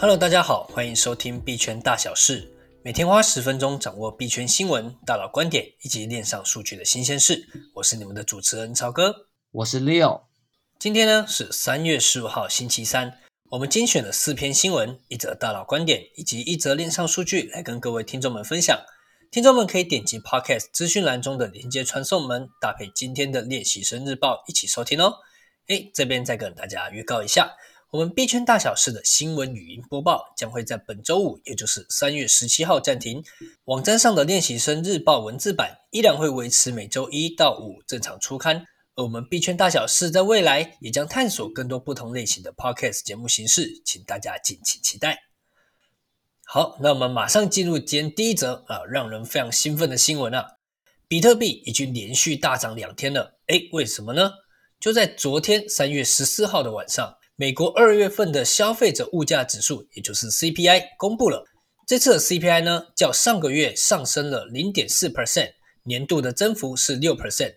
Hello，大家好，歡迎收聽幣圈大小事。每天花十分鐘掌握幣圈新聞、大佬觀點以及鏈上數據的新鮮事。我是你們的主持人曹哥，我是 Leo。今天呢是三月十五號星期三，我們精選了四篇新聞、一則大佬觀點以及一則鏈上數據來跟各位聽眾們分享。聽眾們可以點擊 Podcast 資訊欄中的連結傳送門，搭配今天的鏈習生日報一起收聽哦。哎，這邊再跟大家預告一下。我們幣圈大小事的新聞語音播報將會在本周五，也就是三月十七號暫停。網站上的鏈習生日報文字版依然會維持每周一到五正常出刊。而我們幣圈大小事在未來也將探索更多不同類型的 podcast 節目形式，請大家敬請期待。好，那我們馬上進入今天第一則啊，讓人非常興奮的新聞啊！比特幣已經連續大漲兩天了。哎，為什麼呢？就在昨天三月十四號的晚上。美國二月份的消費者物價指數，也就是 CPI，公布了。這次的 CPI 呢，較上個月上升了零點四 percent，年度的增幅是六 percent。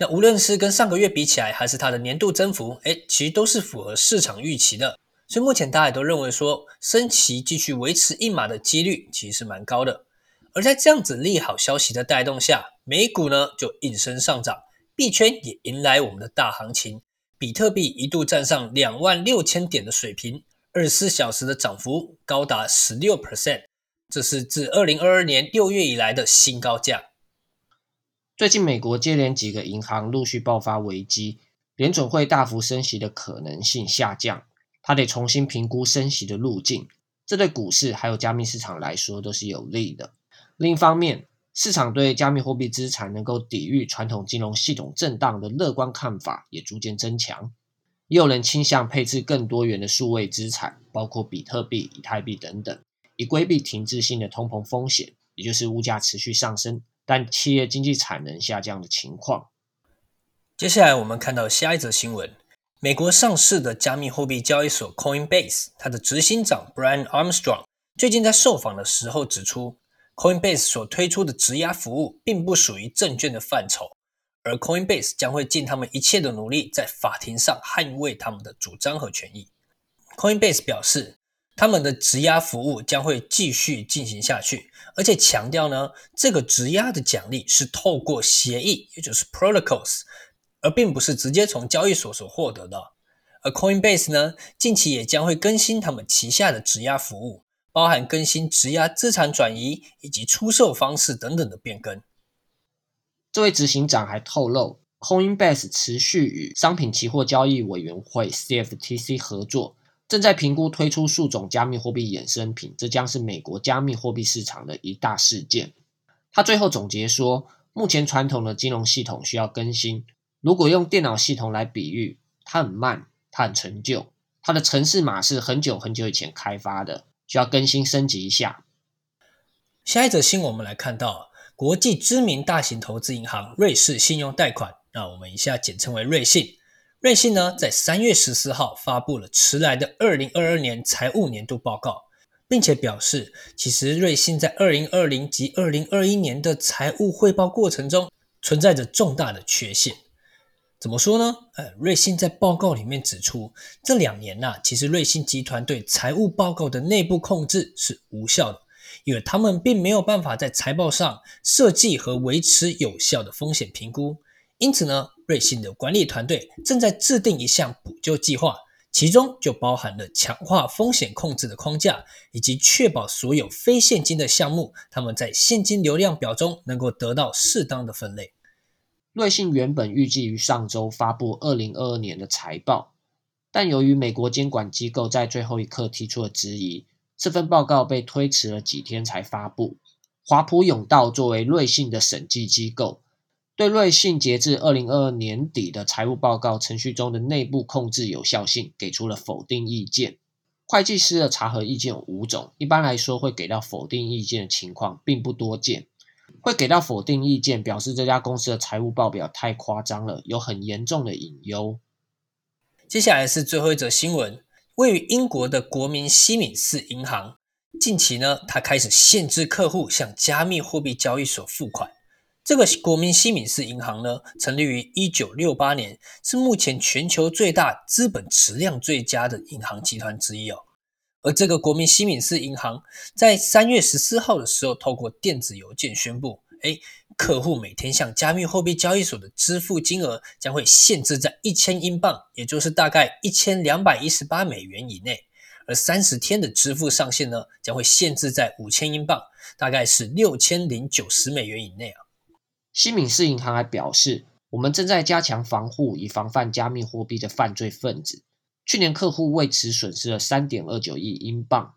那無論是跟上個月比起來，還是它的年度增幅，哎，其實都是符合市場預期的。所以目前大家也都認為說，升息繼續維持一碼的幾率其實是蠻高的。而在這樣子利好消息的帶動下，美股呢就應聲上漲，幣圈也迎來我們的大行情。比特幣一度站上兩萬六千點的水平，二十四小時的漲幅高達十六 percent，這是自二零二二年六月以來的新高價。最近，美國接連幾個銀行陸續爆發危機，聯準會大幅升息的可能性下降，它得重新評估升息的路徑，這對股市還有加密市場來說都是有利的。另一方面，市場對加密貨幣資產能夠抵禦傳統金融系統震盪的樂觀看法也逐漸增強，也有人傾向配置更多元的數位資產，包括比特幣、以太幣等等，以規避停滯性的通膨風險，也就是物價持續上升但企業經濟產能下降的情況。接下來我們看到下一則新聞：美國上市的加密貨幣交易所 Coinbase，它的執行長 Brian Armstrong 最近在受訪的時候指出。Coinbase 所推出的質押服務並不屬於證券的範疇，而 Coinbase 將會盡他們一切的努力，在法庭上捍衛他們的主張和權益。Coinbase 表示，他們的質押服務將會繼續進行下去，而且強調呢，這個質押的獎勵是透過協議，也就是 protocols，而並不是直接從交易所所獲得的。而 Coinbase 呢，近期也將會更新他們旗下的質押服務。包含更新、質押資產轉移以及出售方式等等的變更。這位執行長還透露，Coinbase 持續與商品期貨交易委員會 （CFTC） 合作，正在評估推出數種加密貨幣衍生品，這將是美國加密貨幣市場的一大事件。他最後總結說，目前傳統的金融系統需要更新。如果用電腦系統來比喻，它很慢，它很陳舊，它的程式碼是很久很久以前開發的。需要更新升級一下。下一則新聞，我們來看到國際知名大型投資銀行瑞士信用貸款，那我們以下簡稱為瑞信。瑞信呢，在三月十四號發布了遲來的二零二二年財務年度報告，並且表示，其實瑞信在二零二零及二零二一年的財務匯報過程中，存在着重大的缺陷。怎麼說呢？呃，瑞信在報告裡面指出，這兩年吶、啊，其實瑞信集團對財務報告的內部控制是無效的，因為他們並沒有辦法在財報上設計和維持有效的風險評估。因此呢，瑞信的管理團隊正在制定一項補救計劃，其中就包含了強化風險控制的框架，以及確保所有非現金的項目，他們在現金流量表中能夠得到適當的分類。瑞信原本預計於上周發佈二零二二年的財報，但由於美國監管機構在最後一刻提出了質疑，這份報告被推遲了幾天才發佈。華普永道作為瑞信的審計機構，對瑞信截至二零二二年底的財務報告程序中的內部控制有效性給出了否定意見。會計師的查核意見有五種，一般來說，會給到否定意見的情況並不多見。會給到否定意見，表示這家公司的財務報表太誇張了，有很嚴重的隱憂。接下來是最後一則新聞，位於英國的國民西敏寺銀行，近期呢，它開始限制客戶向加密貨幣交易所付款。這個國民西敏寺銀行呢，成立於一九六八年，是目前全球最大、資本質量最佳的銀行集團之一哦。而這個國民西敏寺銀行在三月十四號的時候，透過電子郵件宣佈：哎，客戶每天向加密貨幣交易所的支付金額將會限制在一千英鎊，也就是大概一千兩百一十八美元以內，而三十天的支付上限呢，將會限制在五千英鎊，大概是六千零九十美元以內啊。西敏寺銀行還表示，我們正在加強防護，以防範加密貨幣的犯罪分子。去年，客戶為此損失了三點二九億英鎊。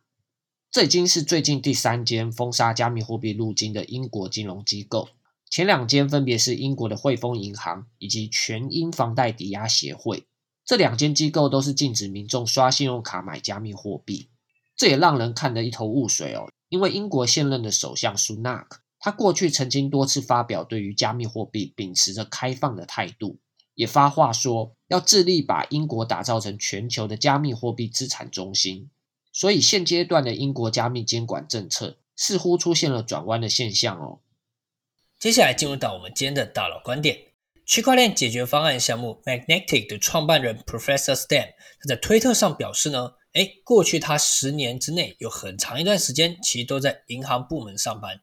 這已經是最近第三間封殺加密貨幣入金的英國金融機構，前兩間分別是英國的匯豐銀行以及全英房貸抵押協會。這兩間機構都是禁止民眾刷信用卡買加密貨幣，這也讓人看得一頭霧水哦。因為英國現任的首相蘇納克，他過去曾經多次發表對於加密貨幣秉持着開放的態度。也發話說要致力把英國打造成全球的加密貨幣資產中心，所以現階段的英國加密監管政策似乎出現了轉彎的現象哦。接下來進入到我們今天的大佬觀點，區塊鏈解決方案項目 Magnetic 的創辦人 Professor Stan 他在推特上表示呢，誒，過去他十年之內有很長一段時間其實都在銀行部門上班。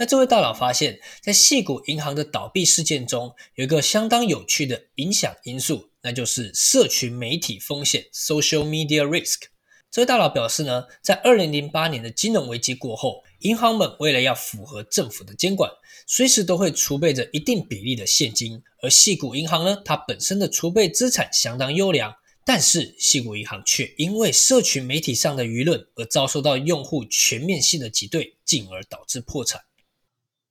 那這位大佬發現，在矽谷銀行的倒閉事件中，有一個相當有趣的影響因素，那就是社群媒體風險 （social media risk）。這位大佬表示呢，在二零零八年的金融危機過後，銀行們為了要符合政府的監管，隨時都會儲備着一定比例的現金。而矽谷銀行呢，它本身的儲備資產相當優良，但是矽谷銀行卻因為社群媒體上的輿論而遭受到用戶全面性的擠兌，進而導致破產。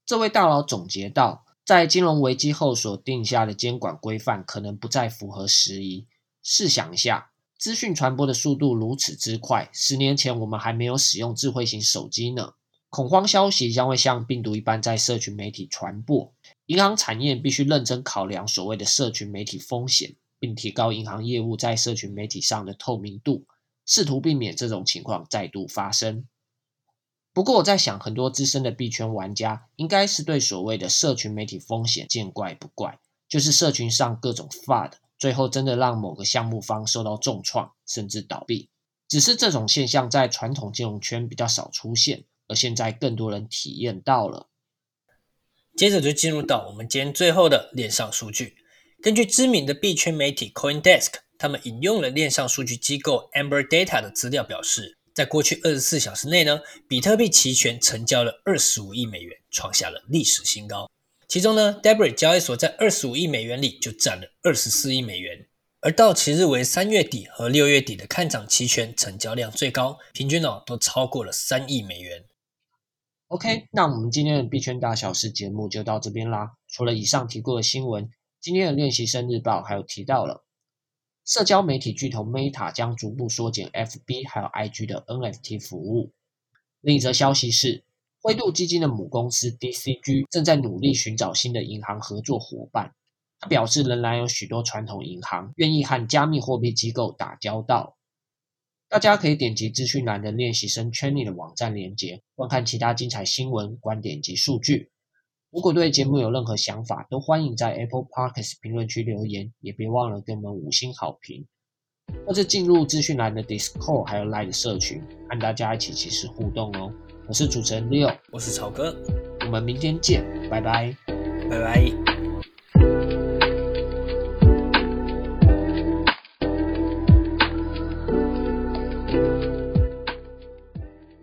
這位大佬總結道，在金融危機後所定下的監管規範可能不再符合時宜。試想一下，資訊傳播的速度如此之快，十年前我們還沒有使用智慧型手機呢。恐慌消息將會像病毒一般在社群媒體傳播，銀行產業必須認真考量所謂的社群媒體風險，並提高銀行業務在社群媒體上的透明度，試圖避免這種情況再度發生。不過我在想，很多資深的幣圈玩家應該是對所謂的社群媒體風險見怪不怪，就是社群上各種 FUD，最後真的讓某個項目方受到重創，甚至倒閉。只是這種現象在傳統金融圈比較少出現，而現在更多人體驗到了。接着就進入到我們今天最後的鏈上數據。根據知名的幣圈媒體 CoinDesk，他們引用了鏈上數據機構 Amberdata 的資料，表示，在過去二十四小時內呢，比特幣期權成交了二十五億美元，創下了歷史新高。其中呢，Deribit 交易所，在二十五億美元裡就占了二十四億美元。而到期日為三月底和六月底的看漲期權成交量最高，平均哦都超過了三億美元。OK，那我們今天的幣圈大小事節目就到這邊啦。除了以上提過的新聞，今天的鏈習生日報還有提到了。社交媒體巨頭 Meta 將逐步縮減 FB 還有 IG 的 NFT 服務。另一則消息是，灰度基金的母公司 DCG 正在努力尋找新的銀行合作夥伴。他表示，仍然有許多傳統銀行願意和加密貨幣機構打交道。大家可以點擊資訊欄的鏈習生 Chainee 的網站鏈接，觀看其他精彩新聞、觀點及數據。如果對節目有任何想法，都歡迎在 Apple Podcasts 評論區留言，也別忘了給我們五星好評，或者進入資訊欄的 Discord，還有 Line 社群，和大家一起即時互動哦。我是主持人 Leo，我是草哥，我們明天見，拜拜，拜拜。